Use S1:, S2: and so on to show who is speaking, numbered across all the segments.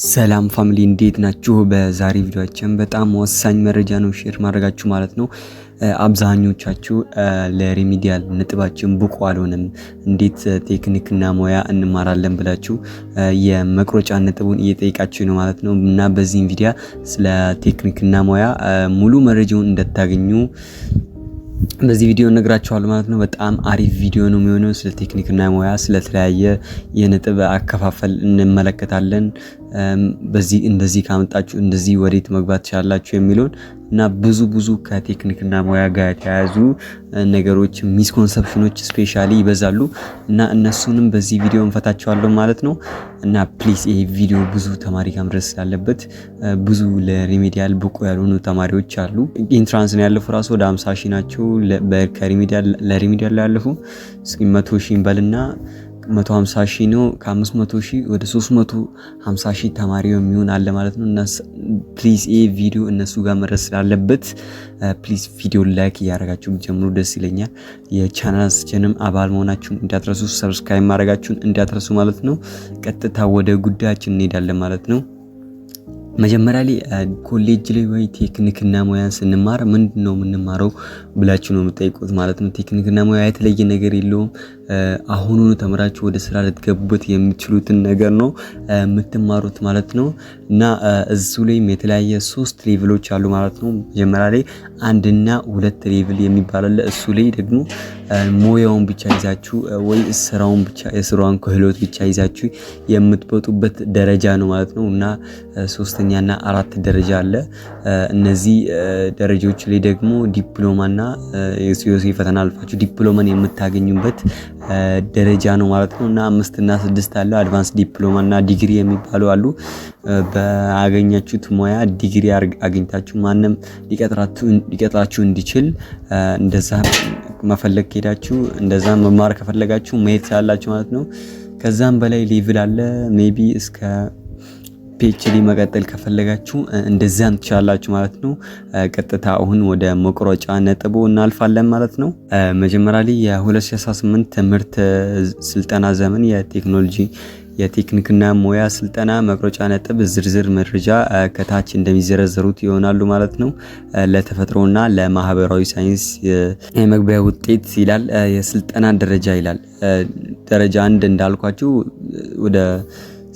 S1: ሰላም ፋሚሊ እንዴት ናችሁ? በዛሬ ቪዲዮችን በጣም ወሳኝ መረጃ ነው ሼር ማድረጋችሁ ማለት ነው። አብዛኞቻችሁ ለሪሚዲያል ነጥባችን ብቁ አልሆንም፣ እንዴት ቴክኒክና ሙያ እንማራለን ብላችሁ የመቁረጫ ነጥቡን እየጠየቃችሁ ነው ማለት ነው እና በዚህም ቪዲያ ስለ ቴክኒክና ሙያ ሙሉ መረጃውን እንደታገኙ በዚህ ቪዲዮ እነግራችኋለሁ ማለት ነው። በጣም አሪፍ ቪዲዮ ነው የሚሆነው። ስለ ቴክኒክና ሙያ ስለተለያየ የነጥብ አከፋፈል እንመለከታለን። በዚህ እንደዚህ ካመጣችሁ እንደዚህ ወዴት መግባት ትችላላችሁ የሚለውን እና ብዙ ብዙ ከቴክኒክና ሙያ ጋር የተያያዙ ነገሮች፣ ሚስኮንሰፕሽኖች ስፔሻሊ ይበዛሉ እና እነሱንም በዚህ ቪዲዮ እንፈታቸዋለሁ ማለት ነው። እና ፕሊስ ይሄ ቪዲዮ ብዙ ተማሪ ጋር መድረስ ያለበት ብዙ ለሪሜዲያል ብቁ ያልሆኑ ተማሪዎች አሉ። ኢንትራንስ ነው ያለፉ ራሱ ወደ አምሳ ሺ ናቸው። ከሪሜዲያል ለሪሜዲያል ያለፉ መቶ ሺ በልና 150 ሺህ ነው። ከ500 ሺህ ወደ 350 ሺህ ተማሪ የሚሆን አለ ማለት ነው። እና ፕሊዝ ይህ ቪዲዮ እነሱ ጋር መድረስ ስላለበት ፕሊዝ ቪዲዮ ላይክ እያደረጋችሁ ጀምሩ፣ ደስ ይለኛል። የቻናላችንም አባል መሆናችሁን እንዳትረሱ፣ ሰብስክራይብ ማድረጋችሁን እንዳትረሱ ማለት ነው። ቀጥታ ወደ ጉዳያችን እንሄዳለን ማለት ነው። መጀመሪያ ላይ ኮሌጅ ላይ ወይ ቴክኒክና ሙያን ስንማር ምንድን ነው የምንማረው ብላችሁ ነው የምጠይቁት ማለት ነው። ቴክኒክና ሙያ የተለየ ነገር የለውም። አሁኑኑ ተምራችሁ ወደ ስራ ልትገቡበት የምችሉትን ነገር ነው የምትማሩት ማለት ነው። እና እዙ ላይም የተለያየ ሶስት ሌቭሎች አሉ ማለት ነው። መጀመሪያ ላይ አንድና ሁለት ሌቭል የሚባላለ እሱ ላይ ደግሞ ሙያውን ብቻ ይዛችሁ ወይ ስራውን ብቻ የስራውን ክህሎት ብቻ ይዛችሁ የምትበጡበት ደረጃ ነው ማለት ነው እና ሶስት ሶስተኛና አራት ደረጃ አለ። እነዚህ ደረጃዎች ላይ ደግሞ ዲፕሎማና የሲዮሲ ፈተና አልፋችሁ ዲፕሎማን የምታገኙበት ደረጃ ነው ማለት ነው እና አምስትና ስድስት አለ። አድቫንስ ዲፕሎማና ዲግሪ የሚባሉ አሉ። በአገኛችሁት ሙያ ዲግሪ አግኝታችሁ ማንም ሊቀጥራችሁ እንዲችል እንደዛ መፈለግ ከሄዳችሁ እንደዛ መማር ከፈለጋችሁ መሄድ ስላላችሁ ማለት ነው። ከዛም በላይ ሌቭል አለ ሜቢ እስከ ፒኤችዲ መቀጠል ከፈለጋችሁ እንደዚያን ትችላላችሁ ማለት ነው። ቀጥታ አሁን ወደ መቁረጫ ነጥቡ እናልፋለን ማለት ነው። መጀመሪያ ላይ የ2018 ትምህርት ስልጠና ዘመን የቴክኖሎጂ የቴክኒክና ሙያ ስልጠና መቁረጫ ነጥብ ዝርዝር መረጃ ከታች እንደሚዘረዘሩት ይሆናሉ ማለት ነው። ለተፈጥሮና ለማህበራዊ ሳይንስ የመግቢያ ውጤት ይላል። የስልጠና ደረጃ ይላል። ደረጃ አንድ እንዳልኳችሁ ወደ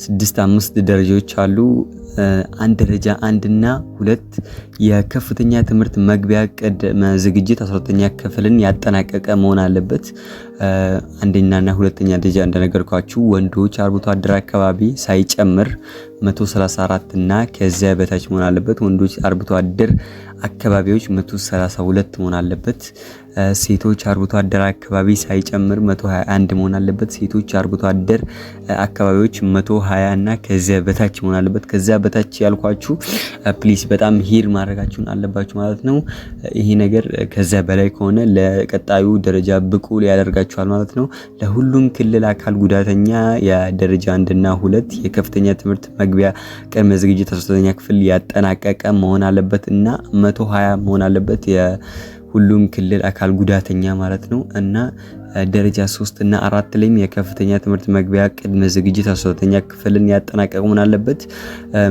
S1: ስድስት አምስት ደረጃዎች አሉ። አንድ ደረጃ አንድና ሁለት የከፍተኛ ትምህርት መግቢያ ቅድመ ዝግጅት አስራተኛ ክፍልን ያጠናቀቀ መሆን አለበት። አንደኛና ሁለተኛ ደረጃ እንደነገርኳችሁ ወንዶች አርብቶ አደር አካባቢ ሳይጨምር 134 እና ከዚያ በታች መሆን አለበት። ወንዶች አርብቶ አደር አካባቢዎች 132 መሆን አለበት። ሴቶች አርብቶ አደር አካባቢ ሳይጨምር 121 መሆን አለበት። ሴቶች አርብቶ አደር አካባቢዎች 120 እና ከዚያ በታች መሆን አለበት። ከዚያ በታች ያልኳችሁ ፕሊስ በጣም ሂር ማድረጋችሁን አለባችሁ ማለት ነው። ይሄ ነገር ከዚያ በላይ ከሆነ ለቀጣዩ ደረጃ ብቁ ያደርጋችኋል ማለት ነው። ለሁሉም ክልል አካል ጉዳተኛ የደረጃ አንድና ሁለት የከፍተኛ ትምህርት መግቢያ ቅድመ ዝግጅት 13ኛ ክፍል ያጠናቀቀ መሆን አለበት እና 120 መሆን አለበት። ሁሉም ክልል አካል ጉዳተኛ ማለት ነው እና ደረጃ 3 እና አራት ላይም የከፍተኛ ትምህርት መግቢያ ቅድመ ዝግጅት 12ኛ ክፍልን ያጠናቀቁ ምን አለበት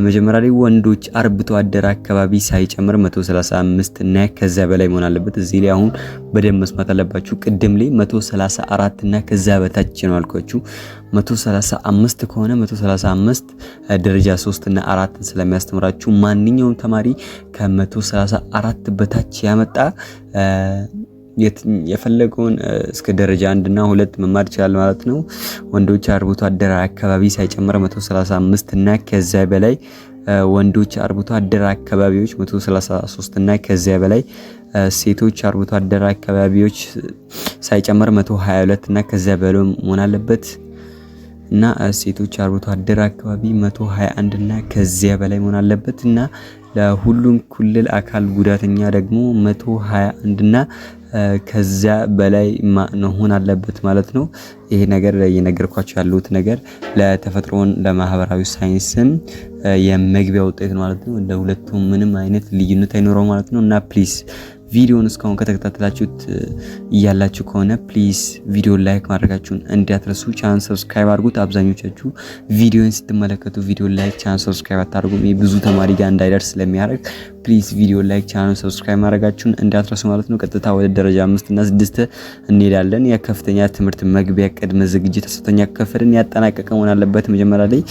S1: መጀመሪያ ላይ ወንዶች አርብቶ አደር አካባቢ ሳይጨምር 135 እና ከዛ በላይ መሆን አለበት። እዚህ ላይ አሁን በደንብ መስማት አለባችሁ። ቅድም ላይ 134 እና ከዛ በታች ነው አልኳችሁ። 135 ከሆነ 135 ደረጃ 3 እና 4 ስለሚያስተምራችሁ ማንኛውም ተማሪ ከ134 በታች ያመጣ የፈለገውን እስከ ደረጃ አንድና ሁለት መማር ይችላል ማለት ነው። ወንዶች አርብቶ አደር አካባቢ ሳይጨምር 135 እና ከዚያ በላይ ወንዶች አርብቶ አደር አካባቢዎች 133 እና ከዚያ በላይ ሴቶች አርብቶ አደር አካባቢዎች ሳይጨምር 122 እና ከዚያ በላይ መሆን አለበት። እና ሴቶች አርብቶ አደር አካባቢ 121 እና ከዚያ በላይ መሆን አለበት እና ለሁሉም ኩልል አካል ጉዳተኛ ደግሞ 121 እና ከዚያ በላይ መሆን አለበት ማለት ነው። ይሄ ነገር እየነገርኳቸው ያሉት ነገር ለተፈጥሮን ለማህበራዊ ሳይንስም የመግቢያ ውጤት ማለት ነው። ለሁለቱም ምንም አይነት ልዩነት አይኖረው ማለት ነው እና ፕሊስ ቪዲዮን እስካሁን ከተከታተላችሁት እያላችሁ ከሆነ ፕሊዝ ቪዲዮ ላይክ ማድረጋችሁን እንዳትረሱ። ቻን ሰብስክራይብ አድርጉት። አብዛኞቻችሁ ቪዲዮን ስትመለከቱ ቪዲዮ ላይክ፣ ቻን ሰብስክራይብ አታደርጉም። ብዙ ተማሪ ጋር እንዳይደርስ ስለሚያደርግ ፕሊዝ ቪዲዮ ላይክ፣ ቻናል ሰብስክራይብ ማድረጋችሁን እንዳትረሱ ማለት ነው። ቀጥታ ወደ ደረጃ አምስት እና ስድስት እንሄዳለን። የከፍተኛ ትምህርት መግቢያ ቅድመ ዝግጅት አስርተኛ ክፍልን ያጠናቀቀ መሆን አለበት መጀመሪያ ላይ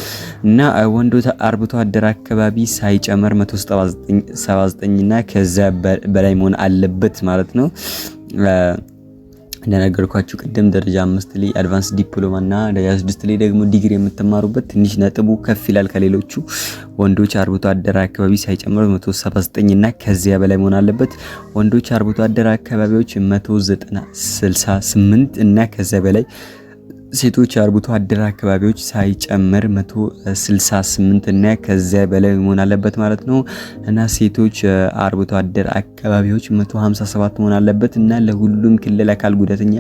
S1: እና ወንዶ አርብቶ አደር አካባቢ ሳይጨመር 179 እና ከዛ በላይ መሆን አለበት ማለት ነው። እንደነገርኳችሁ ቅድም ደረጃ አምስት ላይ አድቫንስ ዲፕሎማ እና ደረጃ ስድስት ላይ ደግሞ ዲግሪ የምትማሩበት ትንሽ ነጥቡ ከፍ ይላል ከሌሎቹ ወንዶች አርብቶ አደር አካባቢ ሳይጨምር 179 እና ከዚያ በላይ መሆን አለበት። ወንዶች አርብቶ አደር አካባቢዎች 198 እና ከዚያ በላይ ሴቶች የአርብቶ አደር አካባቢዎች ሳይጨምር 168 እና ከዚያ በላይ መሆን አለበት ማለት ነው። እና ሴቶች አርብቶ አደር አካባቢዎች 157 መሆን አለበት እና ለሁሉም ክልል አካል ጉዳተኛ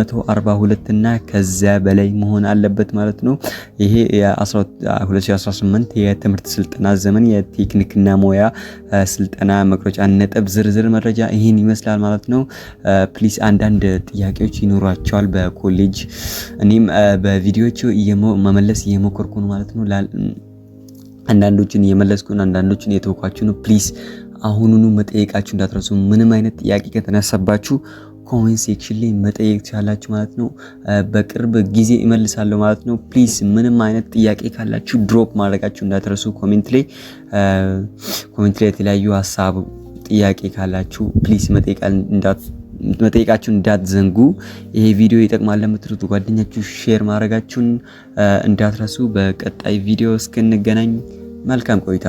S1: 142 እና ከዚያ በላይ መሆን አለበት ማለት ነው። ይሄ 2018 የትምህርት ስልጠና ዘመን የቴክኒክና ሙያ ስልጠና መቅረጫ ነጥብ ዝርዝር መረጃ ይህን ይመስላል ማለት ነው። ፕሊስ አንዳንድ ጥያቄዎች ይኖሯቸዋል በኮሌጅ እኔም በቪዲዮቹ መመለስ እየሞከርኩ ነው ማለት ነው። አንዳንዶችን እየመለስኩን አንዳንዶችን የተወኳችሁ ነው። ፕሊዝ አሁኑኑ መጠየቃችሁ እንዳትረሱ። ምንም አይነት ጥያቄ ከተነሳባችሁ ኮሜንት ሴክሽን ላይ መጠየቅ ቻላችሁ ማለት ነው። በቅርብ ጊዜ እመልሳለሁ ማለት ነው። ፕሊዝ ምንም አይነት ጥያቄ ካላችሁ ድሮፕ ማድረጋችሁ እንዳትረሱ። ኮሜንት ላይ ኮሜንት ላይ የተለያዩ ሀሳብ ጥያቄ ካላችሁ ፕሊዝ መጠየቅ መጠየቃችሁን እንዳትዘንጉ። ይሄ ቪዲዮ ይጠቅማል ለምትሉት ጓደኛችሁ ሼር ማድረጋችሁን እንዳትረሱ። በቀጣይ ቪዲዮ እስክንገናኝ መልካም ቆይታ